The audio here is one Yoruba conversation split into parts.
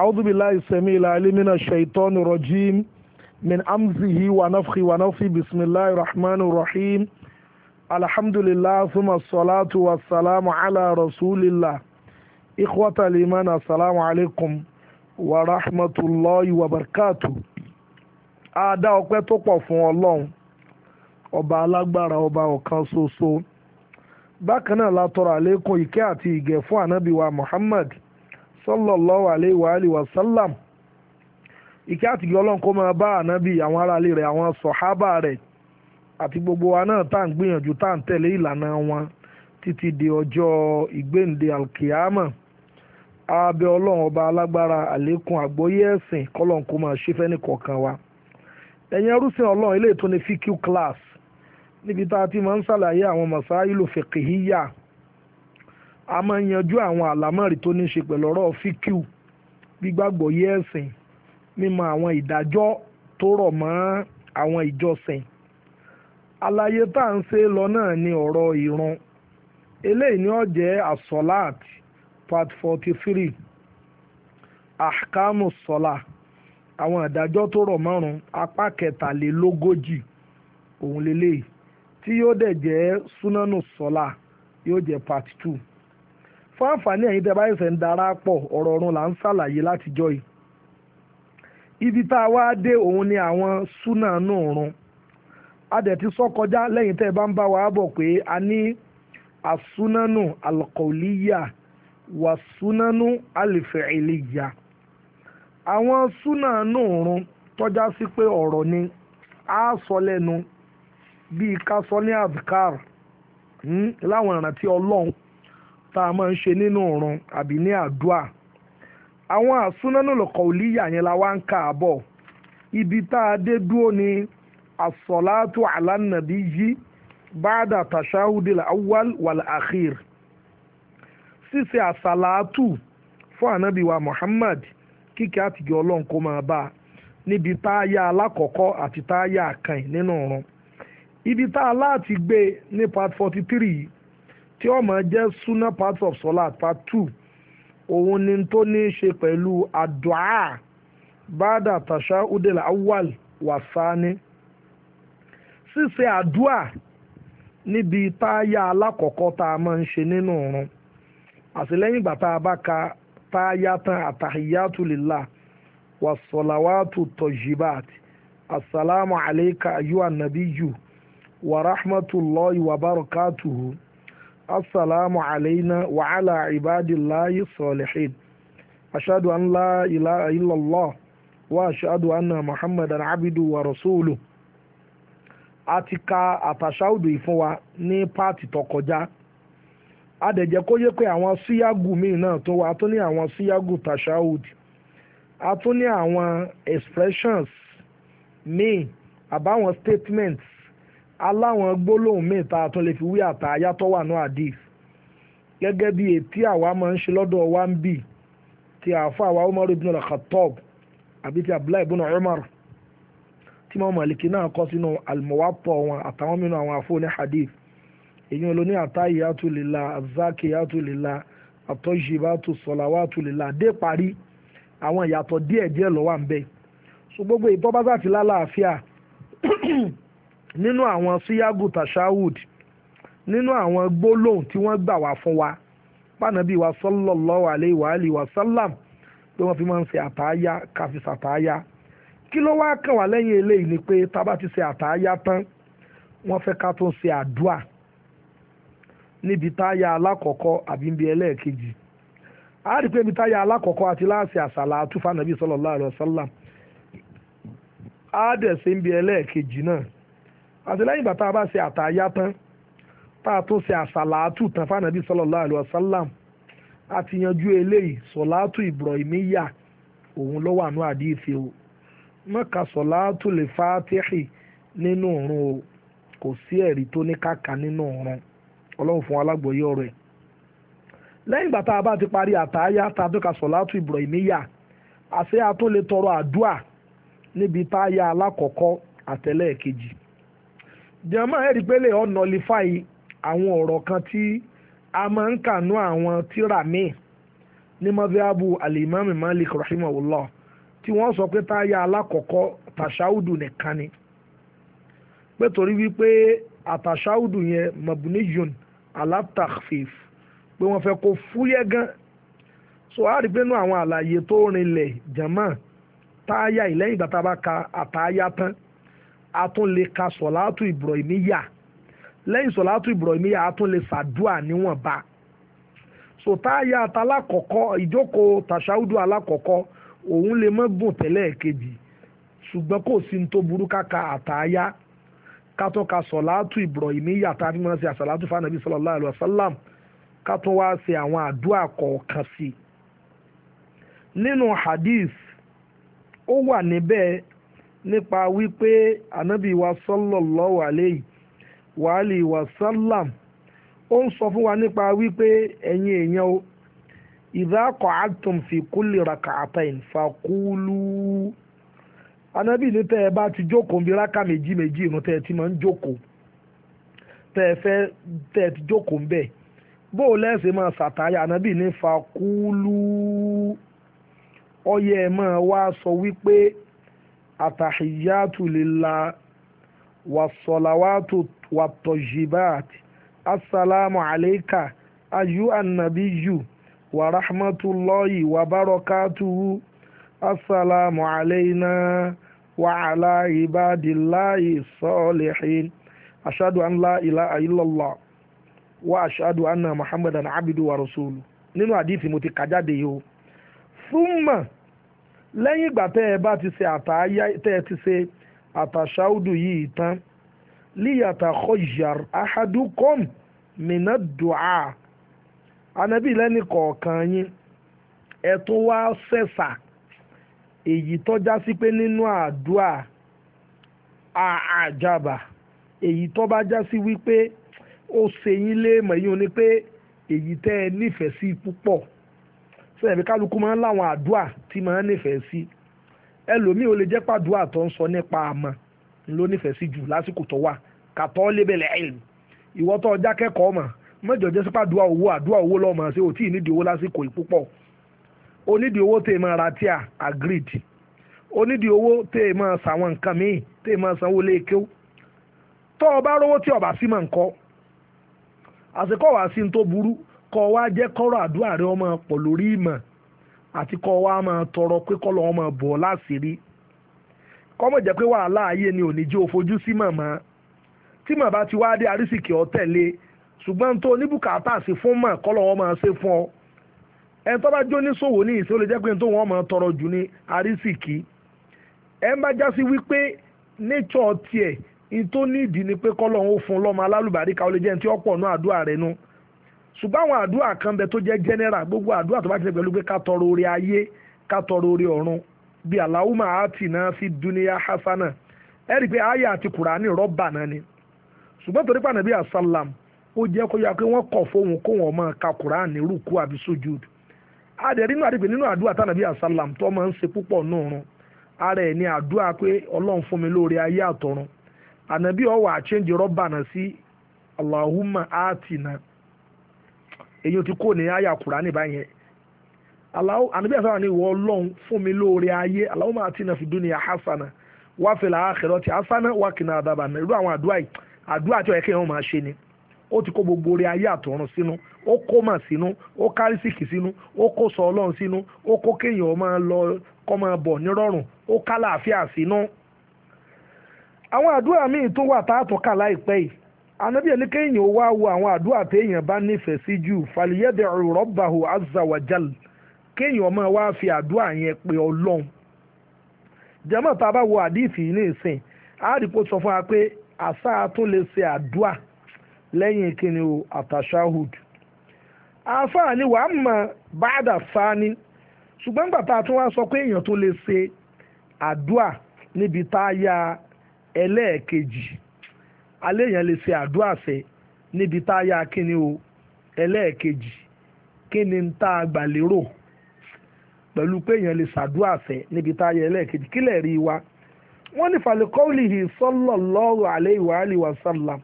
أعوذ بالله السميع العليم من الشيطان الرجيم من أمزه ونفخه ونفخه بسم الله الرحمن الرحيم الحمد لله ثم الصلاة والسلام على رسول الله إخوة الإيمان السلام عليكم ورحمة الله وبركاته a dá ọpẹ́ tó pọ̀ fún Ọlọ́run ọba alágbára ọba ọ̀kan ṣoṣo bákan náà la tọrọ àlékún ìkẹ́ sallallahu alayhi wa alihi wa sallam ìkẹ́ àti ìgbẹ́ ọlọ́run kó máa bá ànábì àwọn aráalé rẹ̀ àwọn sọ̀hábà rẹ̀ àti gbogbo wa náà tá à ń gbìyànjú tá à ń tẹ̀lé ìlànà wọn di ọjọ́ ìgbéǹde alkiyama abẹ́ ọlọ́run ọba alágbára àlékún àgbọ́yé ẹ̀sìn kọ́lọ́run kó máa ṣe fẹ́ni kọ̀ọ̀kan wa ẹ̀yin ẹrúsìn ọlọ́run eléyìí tó ní fíkú class níbi tá ti máa ń ṣàlàyé àwọn masáìlù a máa ń yanjú àwọn àlámọ̀rí tó ní ṣe pẹ̀lú ọ̀rọ̀ fíkìú gbígbàgbọ́ yé ẹ̀sìn mímọ àwọn ìdájọ́ tó rọ̀ mọ́ àwọn ìjọsìn àlàyé tá à ń ṣe lọ náà ni ọ̀rọ̀ ìrun eléyìí ni ó jẹ́ asolat part forty three ahkamu sola àwọn ìdájọ́ tó rọ̀ mọ́rùn apá kẹtàlélógójì òun lélẹ́yìí tí yóò dẹ̀ jẹ́ sunanu sola yóò jẹ́ part two. fún àǹfààní ẹ̀yin tẹ́ bá ṣẹ̀ṣẹ̀ ń darapọ̀ ọ̀rọ̀ ọ̀run là ń ṣàlàyé látijọ́ yìí ibi tá a wá dé òun ni àwọn súnà náà run a dẹ̀ sọ kọjá lẹ́yìn tẹ́ ẹ bá ń bá wa bọ̀ pé a ní àsúnánù alkọ̀ọ́líyà wàsúnánù alìfẹ̀ẹ́lìyà àwọn súnánù run tọ́já sí pé ọ̀rọ̀ ni a sọ lẹ́nu bíi ká sọ ní adkar hmm, láwọn ìrántí ọlọ́run tá a máa ń ṣe nínú ọ̀run àbí ní àdúà àwọn àsúnánú lọ́kọ̀ òlíyà yẹn la wá ń kà á bọ̀ ibi tá a dé dúró ni asọ̀látò alánàbí yí báàdà tàṣáhùdìl awwal wal akhir ṣíṣe àsàlátù fún ànábì Muhammad kíkẹ́ àtìgẹ́ ọlọ́run máa bá a níbi táyà alákọ̀ọ́kọ́ àti táyà kan nínú ọ̀run ibi tá a láti gbé ní part forty three tí ó máa jẹ́ sunnah part of solat part two òun ni tó ní í ṣe pẹ̀lú àdúà bada tashahudil awwal wasani ṣíṣe àdúà níbi táyà alákọ̀ọ́kọ́ tá a máa ń ṣe nínú ọ̀run àtìlẹ́yìn ìgbà tá a bá ka táyà tán àtàhíyàtú lillah wàsọ̀làwàtú tọ̀jìbàt assalamu alayka ayyuhan nabiyyu wa rahmatullahi wa barakatuhu. السلام علينا وعلى عباد الله الصالحين أشهد أن لا إله إلا الله وأشهد أن محمدا عبده ورسوله a ti ka wa ni páàtì tó a kó yé pé àwọn síyágù míì náà tó wa a ní àwọn síyágù a ní àwọn expressions míì àbáwọn statements aláwọn gbólóhùn míì tá a tún lè fi wí àtà ayátọ́ wà náà àdìf gẹ́gẹ́ bí ètí àwa máa ń ṣe lọ́dọ̀ wa ń bì ti àáfà wa Umar ibn al-Khattab àbí ti Abdullahi ibn Umar tí mo mọ̀lìkì náà kọ́ sínú al-Muwatta wọn àtàwọn mìíràn àwọn àfọwọ́ni hadith èyí ló ní àtà ìyàtò lìlà àzákè ìyàtò lìlà àtọ́jìbàtò sọ̀làwàtò lìlà dé parí àwọn ìyàtọ̀ díẹ̀ díẹ̀ ló ń bẹ so gbogbo ìtọ́básàtì lálàáfíà nínú àwọn síyágù tashahud nínú àwọn gbólóhùn tí wọ́n gbà wá fún wa pànàbí wa sallallahu alayhi wa alihi wa sallam pé wọ́n fi máa ń ṣe àtàáyá káfí ṣàtàáyá kí ló wá kàn wá lẹ́yìn eléyìí ni pé tá a bá ti ṣe àtàáyá tán wọ́n fẹ́ ká tó ń ṣe àdúà níbi táyà alákọ̀ọ́kọ́ àbí níbi ẹlẹ́ẹ̀kejì a rí pé níbi táyà alákọ̀ọ́kọ́ àti láàṣẹ àṣàlà àtúfà nàbí sallallahu alayhi wa sallam a dẹ̀ ṣe níbi ẹlẹ́ẹ̀kejì náà àti lẹ́yìn bàtà bá ṣe àtàyà tán tá a tún ṣe àṣàlàátù tán fànàbí sallallahu alaihi wasallam àti yanjú eléyìí sọ̀làátù Ibrahimiyya òun ló wà ní àdìsí o mọ́ka sọ̀làátù lè fàtìhì nínú òrun o kò sí ẹ̀rí tó ní kàkà nínú òrun ọlọ́run fún alágbòye ọ̀rọ̀ ẹ̀ lẹ́yìn ìgbà bá ti parí àtàyà tá a tún ka sọ̀làátù Ibrahimiyya àṣẹ àtúnlẹ̀ tọrọ àdúà níbi táyà alákọ̀ọ́kọ́ àtẹlẹ́ẹ̀kejì jẹ́mọ́ ẹ̀rí pélé ọ̀nàlífàì àwọn ọ̀rọ̀ kan tí a máa ń kànú àwọn tíra míì ní mọ́bíábù alimami malik rahimahullah tí wọ́n sọ pé táyà alákọ̀ọ́kọ́ tàṣáùdù nìkan ni pé torí wípé àtàṣáùdù yẹn mabunijun alatakfif pé wọ́n fẹ́ kó fúyẹ́ gan so a rí pé nú àwọn àlàyé tó rinlẹ̀ jẹ́mọ́ táyà ìlẹ́yìn ìgbà tá a bá ka àtàyà tán a tún lè ka sọ̀látù ìbùrọ̀ìmíyà lẹ́yìn sọ̀látù ìbùrọ̀ìmíyà a tún lè ṣàdúà níwọ̀nba sòtáyà alákọ̀ọ́kọ́ ìjókòó tàṣáúdù alákọ̀ọ́kọ́ òun lè mọ́ gùn tẹ́lẹ̀ kejì ṣùgbọ́n kò sí ní tó burú káka àtàyà kátó ka sọ̀látù ìbùrọ̀ìmíyà tá a fi máa ṣe àṣàlátù fanabi sallallahu alayhi wa sallam kátó wá hadith ó wà nípa wípé ànábì wa sallallahu alayhi wa alihi wa sálàm ó ń sọ fún wa nípa wípé ẹ̀yin èèyàn o idha qa'adtum fi kulli rak'atayn faqulu ànábì ní tẹ́ ẹ bá ti jókòó bí rákà méjì méjì ìrun tẹ́ ẹ ti máa ń jókòó tẹ́ ẹ fẹ́ tẹ́ ẹ ti jókòó ń bẹ̀ bó máa ṣàtàyà ànábì ní faqulu ọyẹ ẹ máa wá sọ wípé. atahiyatu lillah wasalawatu watojibat asalaamu alayka ayu annabiyu wa rahmatulahi wa barakatuhu asalaamu alayna wa ala ibadillahi salihin ashadu an la ilaha illallah wa ashadu anna muhammadan abidu wa rasulu nínú àdìsí mo ti kà jáde lẹ́yìn ìgbà tẹ́ ẹ bá ti ṣe àtàyà tẹ́ ẹ ti ṣe àtàṣáúdù yìí tán líyàtà kọjàr ahadukom mina dùá anabi lẹ́ni kọ̀ọ̀kan yín ẹ tún wá ṣẹ̀ṣà èyí tọ́já sí pé nínú àdúà àjàbà èyí tó bá já sí wípé ó ṣe yín léèmọ̀ yín ó pé èyí tẹ́ ẹ nífẹ̀ẹ́ sí púpọ̀ sẹ́yìn bí kálukú máa ń láwọn àdúà tí máa ń nífẹ̀ẹ́ sí ẹlòmíì ò lè jẹ́ pàdúà tó ń sọ nípa àmọ́ ló nífẹ̀ẹ́ sí jù lásìkò tó wà kàtọ́ lébẹ̀lẹ̀ ẹ̀lú ìwọ́ tó ọjà kẹ́kọ̀ọ́ mọ̀ mẹ́jọ jẹ́ sípà àdúà owó àdúà owó lọ́mọ ṣé ò tí ì nídìí owó lásìkò yìí púpọ̀ onídìí owó tèè máa ra tíà agreed onídìí owó tèè máa sàwọn nǹkan míì tèè máa sanwó léèké tó o bá rówó tí ọba sí mọ̀ nǹkan àsìkò wàá sí tó burú kọ́ wa jẹ́ kọ́rọ̀ àdúrà rẹ ọmọ pọ̀ lórí ìmọ̀ àti kọ́ wa máa tọrọ pé kọ́ lọ́wọ́ máa bọ̀ láṣìírí kọ́mọ̀ jẹ́ pé wàhálà ayé ni òní jẹ́ òfojú sí màmá tí màmá ti wá dé arísìkì ọ̀tẹ̀lé ṣùgbọ́n tó oníbùkátà sí fún mọ̀ kọ́ lọ́wọ́ máa ṣe fún ọ ẹni tó bá jó níṣòwò ní ìṣe ó lè jẹ́ pé tó wọ́n máa tọrọ jù ní arísìkì ẹ ń bá já sí wípé nature tiẹ̀ ní tó ní ìdí ni pé kọ́ lọ́wọ́ fún lọ́mọ alálùbáríkà ó lè jẹ́ ní tí ọ̀pọ̀ náà àdúrà rẹ̀ nù. ṣùgbọ́n àwọn àdúrà kan bẹ tó jẹ́ general gbogbo àdúrà tó bá ti ṣe pẹ̀lú pé ká tọrọ orí ayé ká tọrọ orí ọ̀run bíi fi hasana ẹ rí i pé àyà àti kùránì rọ́bà náà ni ṣùgbọ́n torí pàànàbí asalam ó jẹ́ kó yá wọn máa ka kùránì rúkú àbí nínú àdúrà tó máa ń ara ẹ̀ àdúrà pé ọlọ́run fún èyí ti kó ní àyà kùránì báyẹn aláwọ ànábìyà sábà ní ìwọ ọlọ́run fún mi lóore ayé aláwọ máa ti nà fi dún ní hasana wá fìlà àkẹrọ ti hasana wá kìnnà àdàbà náà irú àwọn àdúrà yìí àdúrà tí ọ̀yẹ́kẹ́ yẹn máa ṣe ni ó ti kó gbogbo orí ayé àtọ̀run sínú ó kó mà sínú ó kárí síkì sínú ó kó sọ ọlọ́run sínú ó kó kéèyàn máa lọ kọ́ máa bọ̀ nírọ̀rùn ó ká láàfíà sínú. àwọn àdúrà míì tó wà táàtọ̀ kà láìpẹ́ yìí anabi ẹni kéèyàn ó wá wo àwọn àdúrà téèyàn bá nífẹ̀ẹ́ sí jù fàlìyẹ́dẹ̀ rọ́bàhù azawajal kéèyàn máa wá fi àdúrà yẹn pé ọlọ́run jẹ́mọ̀ tá a bá wo àdìsí ní ìsìn àádìpọ̀ sọ fún wa pé àṣà tún lè ṣe àdúrà lẹ́yìn kíni o àtàṣáhùd àfáà ni wàá mọ̀ báàdà sáni ṣùgbọ́n gbà tá a sọ pé èèyàn tó lè ṣe àdúrà níbi tá a ya ẹlẹ́ẹ̀kejì alẹ́ yẹn lè ṣe àdúrà fẹ́ níbi tá a yá kíni o ẹlẹ́ẹ̀kejì kíni ń tá a gbà lérò pẹ̀lú pé yẹn lè ṣàdúrà fẹ́ níbi tá a yá ẹlẹ́ẹ̀kejì kílẹ̀ rí wa wọ́n ní falikọ́ọ̀lìhì sallallahu alaihi wa alihi wa sallam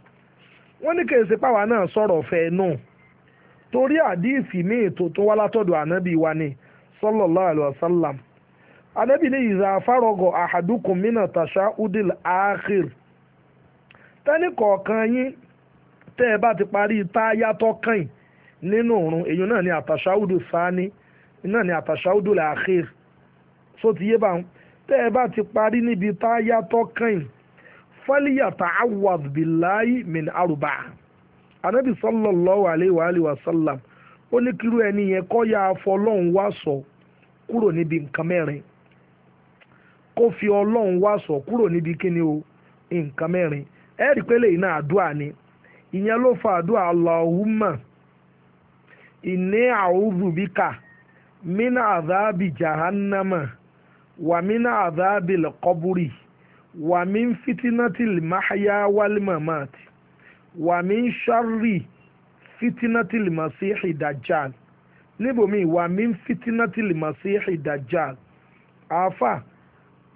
wọ́n ní kèsì páwa náà sọ̀rọ̀ fẹ́ náà torí àdíìsì míì tó tó wá látọ̀dọ̀ ànábì wa ni sallallahu alaihi wa sallam ànábì ní ìzà afárọ̀gọ̀ ahadukum mina tashahudil akhir tẹ́nì kọ̀ọ̀kan yín tẹ́ ẹ bá ti parí táyà tó kàn nínú òrun èyí náà ni àtàṣáwùdù sáni náà ni àtàṣáwùdù làákìr só ti yé bá wọn tẹ́ ẹ bá ti parí níbi táyà tó kàn fọ́líyàtà awàbìláyì min arúbà anabi sallallahu alayhi wa alayhi wa sallam ó ní kírú ẹni yẹn kọ́ ya afọlọ́hún wá sọ kúrò níbi nǹkan mẹ́rin kó fi ọlọ́hún wá sọ kúrò níbi kíni o nǹkan mẹ́rin ẹ rí pé lẹ́yìn náà àdúà ni ìyẹn ló fa àdúà Allahumma inni a'udhu bika min adhabi jahannama wa min adhabi al-qabri wa min fitinati al-mahya wal-mamat wa min sharri fitinati al-masihi níbòmí wa min fitinati al-masihi àáfà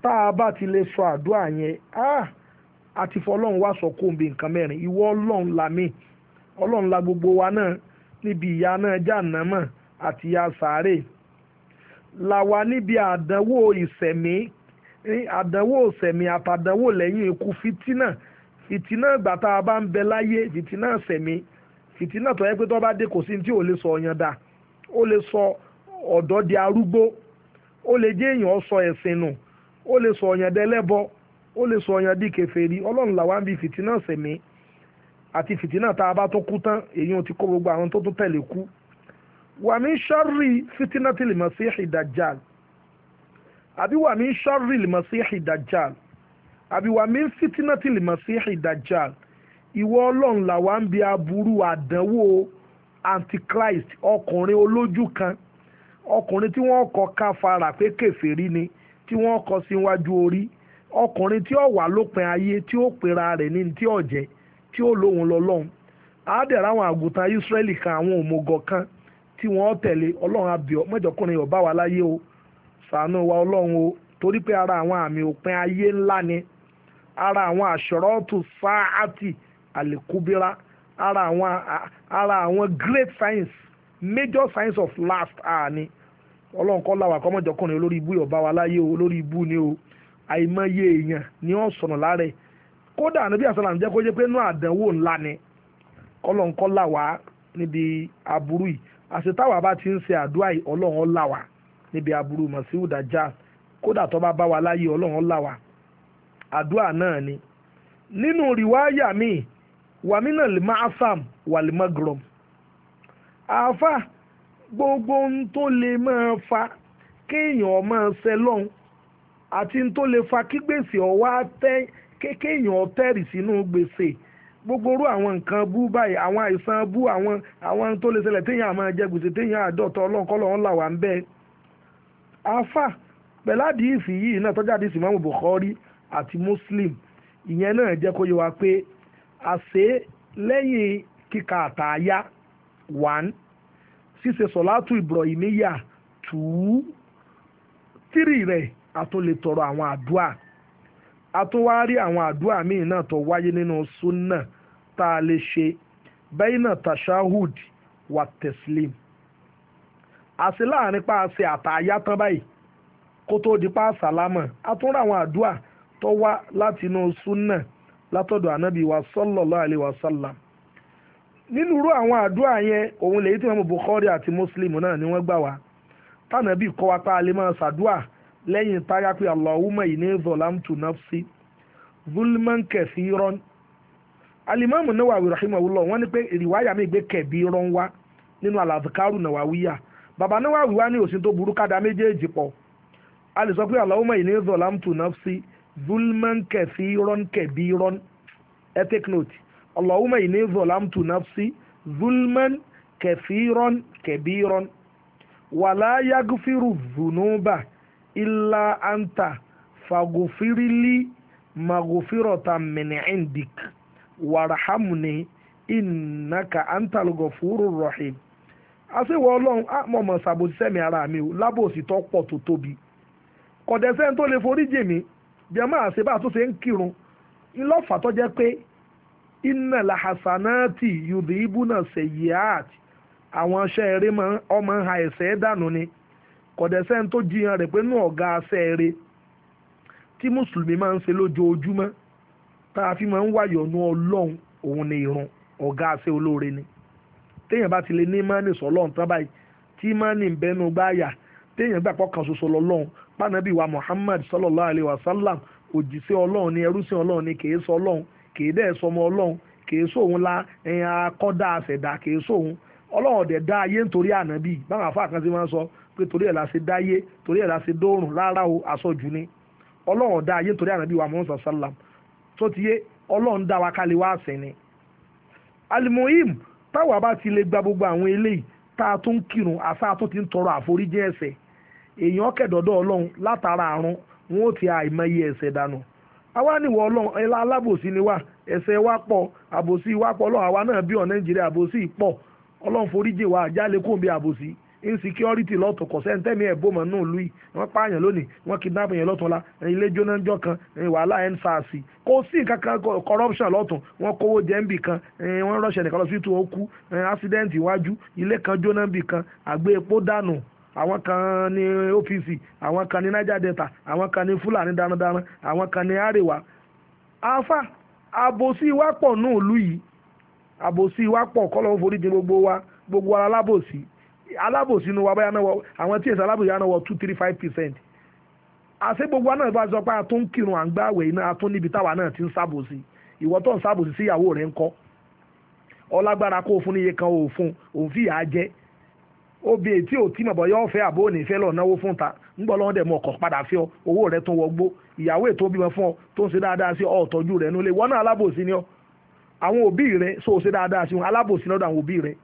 tá a bá ti lè sọ àdúà yẹn ah àti fọlọ́run wá sọ kó nbẹ nǹkan mẹ́rin ìwọ ọlọ́run la gbogbo wa náà níbi ìyà náà jàǹnàmọ̀ àti ìyà sàárè là níbi àdánwò ìṣẹ̀mí àdánwò ìṣẹ̀mí àtàdánwò lẹ́yìn ikú fìtínà fìtínà ìgbà tá a bá ń bẹ láyé fìtínà ìṣẹ̀mí fìtínà tó yẹ pé tó bá dé kò sí ní tí ò lè sọ ọyàn dà ó lè sọ ọ̀dọ́ di arúgbó ó lè jẹ́ èèyàn ẹ̀sìn ó lè sọ ọyàn di kèfèrí ọlọ́run làwa ń bi fìtínà sẹ̀mí àti fìtínà tá a bá tó kú tán èyí ò ti kó gbogbo àwọn tó tún tẹ̀lé kú wà mí sharri fìtínà tí lè masihi dajjal àbí wà mí sharri lè masihi dajjal àbí wà mí fìtínà tí lè masihi dajjal ìwọ ọlọ́run làwa ń aburú àdánwò antichrist ọkùnrin olójú kan ọkùnrin tí wọ́n kọ káfara pé kèfèrí ni tí wọ́n kọ síwájú orí ọkùnrin tí ó wà lópin ayé tí ó pera rẹ̀ ní tí ó jẹ́ tí ó lóhun lọ́lọ́run àádẹ́rẹ́ àwọn àgùntàn Ísírẹ́lì kan àwọn òmùgọ̀ kan tí wọ́n tẹ̀lé ọlọ́run abiyọ mọ́jọ́kùnrin ọba wa láyé o ṣàánú wa ọlọ́run o torí pé ara àwọn àmì òpin ayé ńlá ni ara àwọn àṣọrọ́tù sáàtì àlèkúbíra ara àwọn great science major science of last hour ni ọlọ́run kọ́ làwà kọ́mọ̀jọ́kùnrin olórí ibú ọba wa láyé o olórí ibú ni o àìmọye èèyàn ni wọ́n sọnù lára ẹ̀ kódà ànábì àṣàlà ń jẹ́ kó jẹ́ pé inú àdánwò ńlá ni kọ́lọ̀ńkọ́là wá níbi aburú yìí àṣetáwà bá ti ń ṣe àdúrà yìí ọlọ́run ọ̀là wá níbi aburú mọ̀síwù dájà kódà tó bá bá wa láyé ọlọ́run ọ̀là wá àdúrà náà ni nínú rìwáyà míì wàmínà lè má asam wà lè má grom àáfà gbogbo ohun tó lè máa fa kéèyàn máa ṣẹlọ́hún àti tó lè fa kí gbèsè ọ̀wá tẹ́ kéèyàn ọ̀tẹ́rì sínú gbèsè gbogbo orú àwọn nǹkan bú báyìí àwọn àìsàn bú àwọn àwọn tó lè ṣẹlẹ̀ téèyàn àmọ́ jẹ gbèsè téèyàn àdọ́tọ̀ ọlọ́nkọ́lọ́ ńlá wà ń bẹ́ẹ̀. afa pẹ̀láàdì ìfì yìí náà tọ́jú àdìsí mọ́mú Bukhari àti Muslim ìyẹn náà jẹ́ kó yé wa pé àṣé lẹ́yìn kíka àtàyà one ṣíṣe sọ̀látù Ibrahimiyya two three rẹ̀ a tún lè tọrọ àwọn àdúà a tún wá rí àwọn àdúà míì náà tó wáyé nínú súnà tá a lè ṣe bẹ́yìnà tashahud wa teslim àti láàrin paṣẹ àtàyà tán báyìí kó tó di paṣà lámọ̀ a tún rí àwọn àdúà tó wá láti inú súnà látọ̀dọ̀ ànábì wa sallallahu alaihi wa sallam nínú irú àwọn àdúrà yẹn òun lèyí tí wọn mú Bukhari àti Muslim náà ni wọ́n gbà wá tànàbí kọ́ wa pé a máa ṣàdúà lẹ́yìn táyà pé Allahumma inni zolamtu nafsi zulman kathiran alimami Nawawi rahimahullah wọ́n ní pé ìrìwáyà mi gbé kẹ̀bí rán wá nínú alazikaru nawawiya baba Nawawi wá ní òsín tó burú kádà méjèèjì pọ̀ a lè sọ pé Allahumma inni zulman kathiran kabiran ẹ take note Allahumma inni zolamtu nafsi zulman kathiran kabiran wàlá yagfiru zunuba illa anta fagofirili magofirota mini indik warhamni innaka antal gafurur rahim àṣewọ̀ ọlọ́run àmọ̀mọ̀ ṣàbòsíṣẹ́ mi ara mi o lábòsí tó pọ̀ tó tóbi kọ̀dẹ̀sẹ́ tó lè forí jì mí jẹ́mọ́ àṣebá tó ṣe ń kírun ńlọ́fà tó jẹ́ pé iná làhásánátì yudhibuna sẹ̀yíàt àwọn aṣẹ́ eré ọmọ ha ise danu ni. kọ̀dẹ̀sẹ́ni tó jiyàn rẹ̀ pé nú ọ̀gá asẹ́ẹ̀rẹ́ tí mùsùlùmí máa ń ṣe lójoojúmọ́ tá a fi máa ń wáyọ̀ nú ọlọ́run òun ni ìrun ọ̀gá olóore ni téèyàn bá ti lè ní tí ń bẹnu téèyàn gbà Muhammad alayhi wa sallam òjìṣẹ́ ọlọ́run ni ọlọ́run ni sọ ọlọ́run dẹ́ pé torí ẹ̀ la ṣe dáyé torí ẹ̀ la ṣe dóorùn rárá o àsọjù ni ọlọ́run dá ayé torí wa mọ́sán salam tó ti yé ọlọ́run dá wa kálí wá ti lè gba gbogbo àwọn eléyìí tá a tún kírun àṣà ti ń tọrọ àforíjì ẹ̀ṣẹ̀ èèyàn kẹ̀dọ̀dọ̀ ọlọ́run látara àrùn wọn ò ti àìmọye ẹ̀ṣẹ̀ dànù àwa ọlọrun alábòsí ni àbòsí àwa náà bí nàìjíríà àbòsí foríjì insecurity lọ́tọ̀ kọ̀ sẹ́ńtẹ́mi ẹ̀ bómọ náà lùi wọ́n pààyàn lónìí wọ́n kidnap yẹn lọ́tún la ilé jóná jọ kan wàhálà endsars kò sí nǹkan corruption lọ́tún wọ́n kówó jẹ́ ń bì kan wọ́n rọ̀ṣẹ̀ nìkan lọ sí tu okú accident iwájú ilé kan jóná ń bì kan àgbé epo dànù àwọn kan ní ọ́fíìsì àwọn kan ní niger delta àwọn kan ní fúlàní darandaran àwọn kan ní àríwá afa àbòsí wa pọ̀ náà lù yìí àbòsí wa pọ̀ kọ́ lọ́wọ́ foríjì gbogbo wa gbogbo ara lábòsí alábòsí nu wa báyà náà wọ àwọn tí èsì alábòsí yà two three five percent àṣẹ gbogbo náà bá sọ pé a wee kírun à iná a níbi náà ti ń sábòsí ìwọ tó ń sábòsí sí ìyàwó rẹ̀ ń kọ́ ọlágbára fún níye kan ò fún òun fìyà jẹ obì ètí ò tí mọ̀bọ̀ yọ ọ̀fẹ́ àbó òní ìfẹ́ lọ náwó fún ta ńgbọ́ lọ́wọ́ dẹ̀ fi owó rẹ̀ tún ìyàwó ètò bímọ fún ọ ọ rẹ̀ náà alábòsí ni ọ àwọn òbí rẹ̀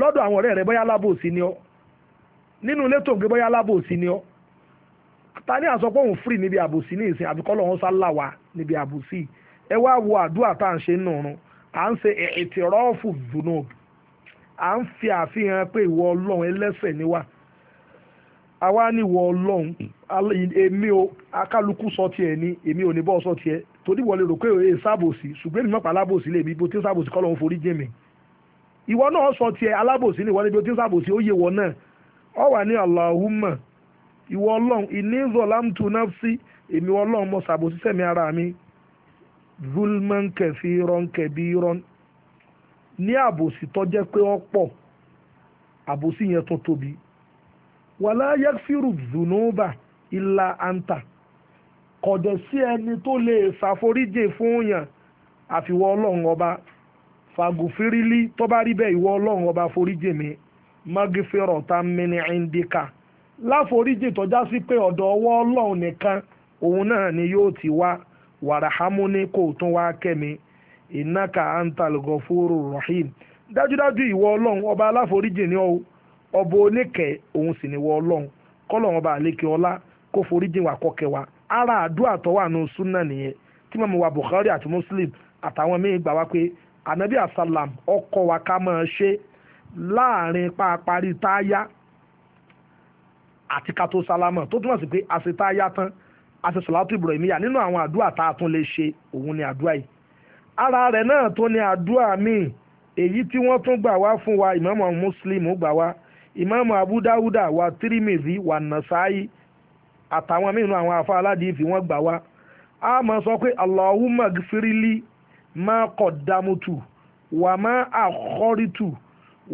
lọ́dọ̀ àwọn ọ̀rẹ́ rẹ bóyá lábòsí ni ọ́ nínú ilé tó ń gbé bóyá lábòsí ni ọ́ ta ní àsọpọ̀ òun free níbi àbòsí ní ìsìn àbíkọ́ lọ́wọ́ sálà wá níbi àbòsí ẹ wá wo àdúrà tá à ń ṣe nínú ọ̀run à ń ṣe ìtìrọ́ọ̀fù dùnú à ń fi àfihàn pé ìwọ ọlọ́run ẹlẹ́ṣẹ̀ ni wá àwa ní ìwọ ọlọ́run èmi o akálukú sọ tiẹ̀ ni èmi ò ní bọ́ sọ tiẹ̀ torí wọlé rò pé èè sábòsí ṣùgbọ́n èmi mọ̀pá lábòsí lè mi bó tí sábòsí kọ́ lọ́run forí jẹ́ mi ìwọ náà sọ tiẹ̀ alábòsí ni ìwọ níbi o ti ń sàbòsí ó yẹ wọ náà ọ wà ní Allahumma ìwọ ọlọ́run ìní zọlámtu nafsi èmi ọlọ́run mo sàbòsí sẹ́mi ara mi zulman kathiran kabiran ní àbòsí tó jẹ́ pé ó pọ̀ àbòsí yẹn tó tóbi wàlá yakfiru zunuba illa anta kọ̀dẹ̀ sí ẹni tó lè ṣàforíjì fún yàn àfiwọ́ ọlọ́run ọba fàgòfìrílì tó bá rí ìwọ ọlọ́run ọba foríjì mi magifero ta mini indika láforíjì tọ́já sí pé ọ̀dọ̀ ọwọ́ ọlọ́run nìkan òun náà ni yóò ti wá wàràhámú ní kò tún wá kẹ́mi ìnáka antal rahim dájúdájú ìwọ ọlọrun ọba aláforíjì ni ọ́ ọba oníkẹ́ òun sì ni wọ ọlọrun kọ́lọ́run ọba àlékè ọlá kó foríjì wà kọ́kẹ́ ara àdúrà tó wà nù súnà nìyẹn tí màmú wa Bukhari àti Muslim àtàwọn míín gbà wá pé ànábì àsálàm ọkọ wa ká máa ṣe láàrin paapari táyà àti kátó sálámà tó túmọ̀ sí pé àṣẹ táyà tán àṣẹ sọ̀látù ìbùrọ̀ìmíyà nínú àwọn àdúrà tá a tún lè ṣe òun ni àdúrà yìí ara rẹ̀ náà tó ní àdúrà míì èyí tí wọ́n tún gbà wá fún wa ìmáàmù Muslim gbà wá ìmáàmù abúdáwúdà wa tírímìzì wà nàṣáì àtàwọn mìíràn àwọn àfa aládìí fi wọ́n gbà wá a máa sọ pé Allahumma gfirili Ma kọ̀ dámútù wà máa àkọ́rìtù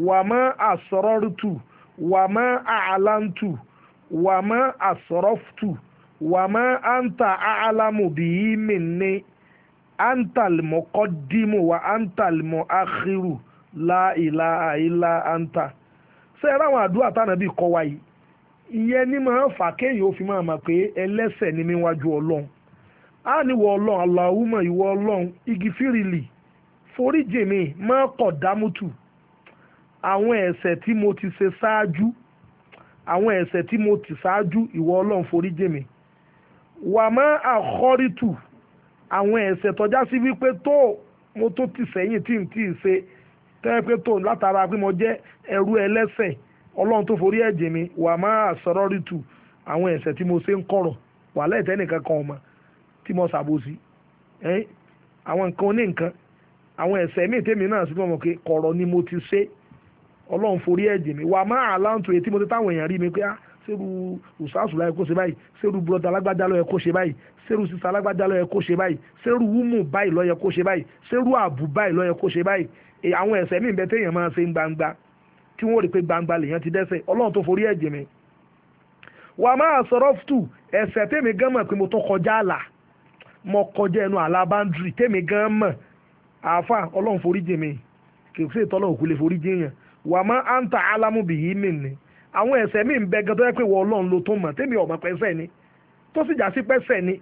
wà máa àsọ̀rọ̀rìtù wà máa àlántù wà máa àsọ̀rọ̀fùtù wà máa àǹtà àlámù bíi mìíní àǹtà lèmọ́ kọ́ dímù wà àǹtà lèmọ́ àkírù láìlà àìlà àǹtà. ṣé ráwọn àdúrà tánàbí kọ́ wa yìí ìyẹn ni máa fà kéèyàn ó fi máa mọ̀ pé ẹlẹ́sẹ̀ ni mi wájú ọlọ́run á níwọ ọlọ́run aláwùmọ̀ ìwọ ọlọ́run igi fírìlì foríjì mi máa kọ̀ dámútù àwọn ẹ̀ṣẹ̀ tí mo ti ṣe ṣáájú àwọn ẹ̀ṣẹ̀ tí mo ti ṣáájú ìwọ ọlọ́run foríjì mi wà má àkọ́rìtù àwọn ẹ̀ṣẹ̀ tọ́já sí wípé tó mo tó ti sẹ́yìn tí n tí ì ṣe tẹ́lẹ̀ pé tó látara pé mo jẹ́ ẹrú ẹlẹ́ṣẹ̀ ọlọ́run tó forí ẹ̀jẹ̀ mi wà má àsọ̀rọ̀rìtù àwọn ẹ̀ṣẹ̀ tí mo ṣe ń kọ̀rọ̀ wà lẹ́ẹ̀tẹ́ nìkan kan ọmọ tí mo ṣàbòsí ẹ àwọn nǹkan oní nǹkan àwọn ẹ̀ṣẹ̀ míì tèmi náà sí mọ̀ pé kọ̀rọ̀ ni mo ti ṣe ọlọ́run forí ẹ̀jẹ̀ mi wà máa aláǹtò ètí mo ti táwọn èèyàn rí mi pé ah, ṣerú ṣáàṣù láyẹ kó ṣe báyìí ṣerú bùrọ̀dà alágbájá ló yẹ kó ṣe báyìí ṣerú sísá alágbájá ló yẹ kó ṣe báyìí ṣerú wúmù báyìí ló yẹ kó ṣe báyìí ṣerú àbù báyìí ló yẹ ṣe báyìí àwọn ẹ̀ṣẹ̀ míì bẹ téèyàn máa ṣe gbangba tí wọ́n rí pé gbangba lèèyàn ti dẹ́ṣẹ̀ ọlọ́run tó forí ẹ̀jẹ̀ mi wà máa sọ̀rọ̀ mo kọjá ẹnu àlà báńdìrì tèmi gan àáfà ọlọ́run foríjì mi kì í lè yẹn wà má à ń ta álámù mi ni àwọn ẹsẹ̀ mi ń bẹ gan tó yẹ pé ọlọ́run ló tó mọ̀ tèmi pẹ́sẹ̀ ni tó sì sí pẹ́sẹ̀ ni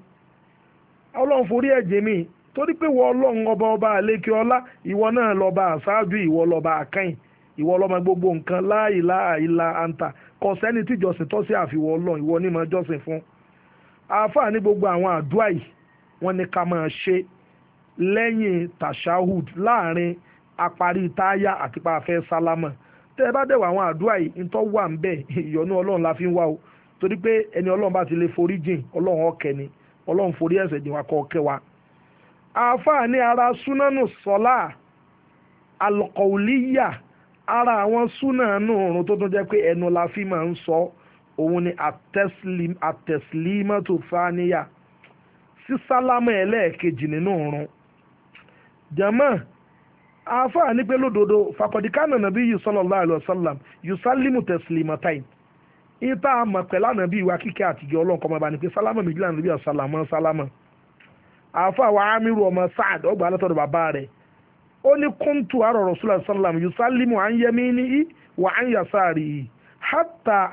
ọlọ́run forí ẹ̀jẹ̀ mi torí pé wọ ọlọ́run ọba ọba àlékè ọlá ìwọ náà àṣáájú ìwọ lọ́ba ìwọ wọ́n ní ká máa ṣe lẹ́yìn tashahud láàrin apari táyà àti pàfẹ́ sálámà tẹ́ ẹ bá dẹ̀ àwọn àdúrà yìí ń wà ń bẹ̀ ìyọ́nú ọlọ́run la fi ń wá o torí pé ẹni ọlọ́run bá ti lè forí jìn ọlọ́run ọkẹ ni ọlọ́run forí ẹ̀ṣẹ̀ jìn wá kọ́ ọkẹ wa. àáfàá ní ara súnánù sọlá alkọ̀ọ́líyà ara àwọn súnánù ọ̀run tó tún jẹ́ pé ẹnu la fi máa ń sọ òun ni àtẹ̀sílímọ́tò fáníyà sísálámà ẹlẹ́ẹ̀kejì nínú oorun jama àáfàá ní pé lódodo fàkọ̀dìkánà nàbí yìí sallallahu alaihi wasallam yusalimu taslimatain ìta àmọ̀ pẹ̀lú ànàbí ìwà kíkẹ́ àtijọ́ ọlọ́nkọ́ ọmọ ìbáni pé sálámà méjìlá nàbí ọ̀sálámà sálámà àáfàá wa amiru ọmọ saad ọgbà alátọ̀dọ̀ bàbá rẹ̀ ó ní kúntù àrọ̀ rasulullah sallam yusalimu à ń yẹmí ní í wà á ń sáàrì yìí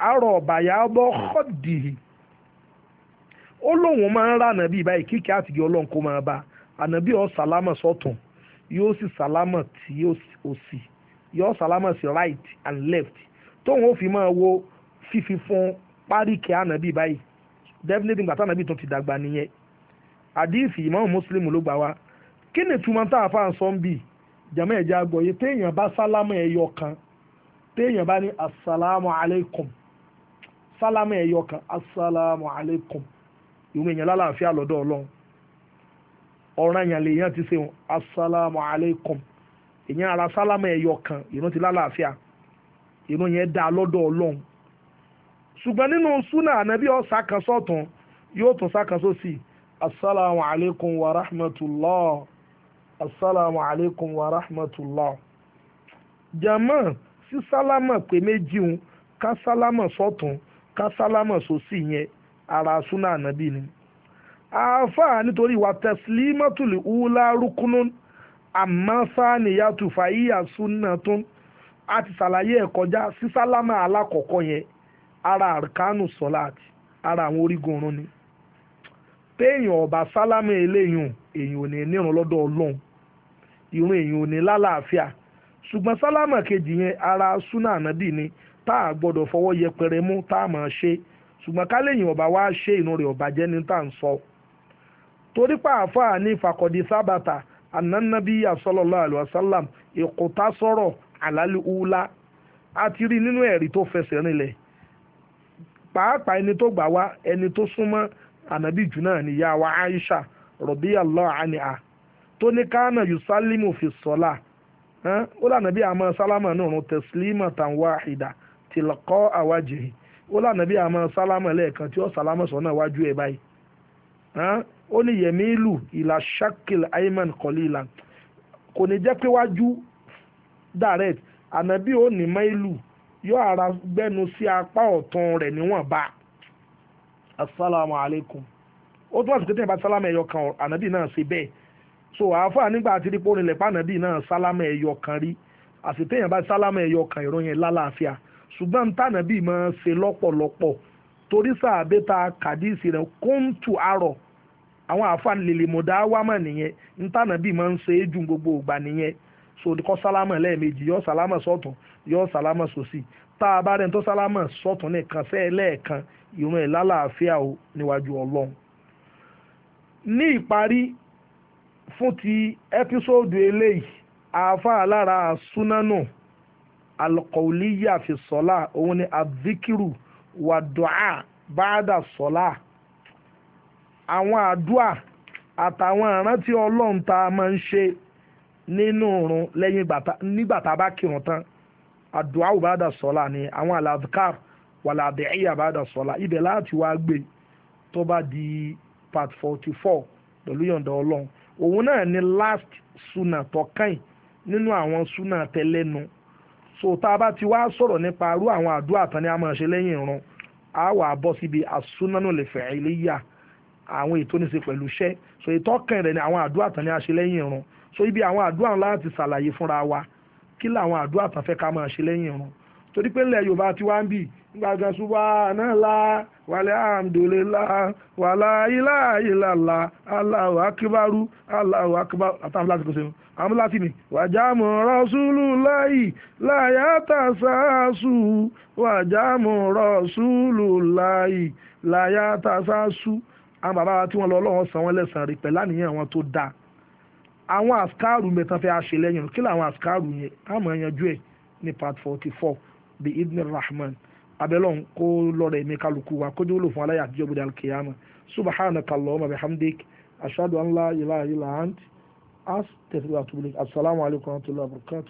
àrọ̀ bàyà ọbọ̀ khaddihi ó lóun máa ń rà ànábì báyìí kíkẹ́ àtìgé ọlọ́run kó máa bá ànábì ó sàlámà sọ́tún yóò sì sàlámà tí òsì yóò sàlámà sí right and left tóun ó fi máa wo fífi fún páríkì ànábì báyìí definitely gbàtà ànábì tó ti dàgbà nìyẹn àdìsí ìmáàmù mùsùlùmù ló gbà wá kí ni túmọ̀ tá a fà ń sọ ń bì jàmọ́ ẹ̀jẹ̀ àgbọ̀yé téèyàn bá sálámà ẹ̀yọ kan téèyàn bá ní asalaamu alaykum sálámà ẹ̀yọ kan asalaamu ìwé èèyàn lálàáfíà lọ́dọ̀ ọlọ́run ọ̀ràn èèyàn lèèyàn ti ṣe asalaamu alaykum èèyàn ara sálámà ẹ̀yọ kan ìrun ti lálàáfíà ìrun yẹn dá lọ́dọ̀ ọlọ́run ṣùgbọ́n nínú súnà ànábì ọ̀sà kan sọ̀tún yóò tún sákan sósì asalaamu alaykum wa rahmatulah asalaamu alaykum wa rahmatulah jama sí sálámà pé méjì ń ká sálámà sọ̀tún ká sálámà sósì yẹn ara súnà ànábì ni àáfàá nítorí ìwà tẹ̀sílímọ́tòlì húlá rúkúnú àmọ́ sáàníyàtù fàyíyà súnà tó a ti ṣàlàyé ẹ̀ kọjá sísálámà alákọ̀ọ́kọ́ yẹn ara arkanu sọ́láàtì ara àwọn origun ọ̀run ni téèyàn ọba sálámà eléyìn èyàn ò ní nírun lọ́dọ̀ ọlọ́run ìrun èyàn ò ní lálàáfíà ṣùgbọ́n sálámà kejì yẹn ara súnà ànábì ni tá a gbọ́dọ̀ fọwọ́ yẹpẹrẹ mú tá a máa ṣe é ṣùgbọ́n ká lẹ́yìn ọba wá ṣe inú rẹ̀ ọba jẹ́ ní tá à ń sọ torí pàáfàá ní fàkọ̀dé sábàtà ànánábíyà sallallahu alaihi wasallam ìkùtà sọ̀rọ̀ àlálù ula a ti rí nínú ẹ̀rí tó fẹsẹ̀ rinlẹ̀ pàápàá ẹni tó gbà wá ẹni tó súnmọ́ ànábì jù náà ni ìyá wa Aisha radiyallahu anha tó ní kánà yusalimu fi sọ́lá ó lànà bí àmọ́ sálámà náà rún tẹ̀sílímà tàn wáhìdà tìlọ́kọ́ àwájìhìn ó lànàbí àmọ́ sálámà lẹ́ẹ̀kan tí ó sálámà sọ náà wájú ẹ̀ báyìí ó ní yẹ̀mí ìlú ìlà shakil ayman kọ́lílà kò ní jẹ́ pé wájú direct ànàbí ò ní máìlù yóò ara gbẹ́nu sí apá ọ̀tún rẹ̀ níwọ̀nba asalaamu alaykum ó tún àsìkò tí yẹn bá sálámà ẹ̀yọ kan ànàbí náà ṣe bẹ́ẹ̀ so àáfàá nígbà àti dípò nílẹ̀ pànàbí náà sálámà ẹ̀yọ kan rí àsìkò tí yẹn bá sálámà ẹ̀yọ kan ìròyìn lálàáfíà. ṣùgbọ́n tànàbí ma ṣe lọ́pọ̀lọpọ̀ torí sàbẹ́ ta kàdíìsì rẹ̀ kóńtù àrọ̀ àwọn àáfàá lèlè mọ̀dá wá mọ̀ nìyẹn ntànàbí máa ń ṣe é gbogbo ìgbà nìyẹn sòdìkọ́ sálámà lẹ́ẹ̀mejì yọ sálámà sọ́tún yọ sálámà sòsì tá a bá rẹ̀ tó sálámà sọ́tún nìkan sẹ́ẹ̀ lẹ́ẹ̀kan ẹ̀ lálàáfíà o níwájú ọlọ́run ní fún ti eléyìí àáfàá lára alkọ̀ọ́líyà fi sọ́lá òun ni azikiru wàdùá báàdà sọ́lá àwọn àdúà àtàwọn ìrántí ọlọ́run tá a máa ń ṣe nínú ìrun lẹ́yìn nígbà tá a bá kírun tán àdúà báàdà sọ́lá ni àwọn alazikar wàlàdìíyà báàdà sọ́lá ibẹ̀ láti wá gbé tó bá di part forty four pẹ̀lú yọ̀ǹda ọlọ́run òun náà ni last suna tọ́kàn nínú àwọn suna tẹ́lẹ́nu. No so tá a bá ti wá sọ̀rọ̀ nípa arú àwọn àdúrà tán ni a máa ṣe lẹ́yìn irun a wà bọ́ síbi asúnánú lè fẹ̀ iléyà àwọn ètò níṣe pẹ̀lú iṣẹ́ so ìtọ́kàn rẹ̀ ni àwọn àdúrà tán ni a ṣe lẹ́yìn irun so ibi àwọn àdúrà ńlá ti ṣàlàyé fúnra wa kí làwọn àdúrà tán fẹ́ ká máa ṣe lẹ́yìn irun torí pé ńlẹ̀ Yorùbá ti wá ń bì gbàgbà subhanallah walhamdulillah wala ilaha illallah Allahu akbaru Allahu akbaru àtàwọn láti kò sẹ́nu àwọn láti ní wàjámù rasulullahi láyàtà sáàsù wàjámù rasulullahi láyàtà sáàsù àwọn bàbá wa tí wọ́n lọ ọlọ́run san wọ́n rí pẹ̀lú àníyàn wọn tó dáa àwọn àsìkáàrù mẹ́ta fẹ́ àṣẹ lẹ́yìn kí làwọn àsìkáàrù yẹn àmọ́ yanjú ẹ̀ ní part forty four bi ibn rahman abẹ́lọ́n kó lọ́rọ̀ ẹ̀mí kálukú wa kójú wúlò fún aláyà àtijọ́ gbọdọ̀ alkiyama subhanaka allahumma bihamdik ashhadu an la ilaha illa ant astaghfiruka wa atubu wa rahmatullahi wa barakatuh.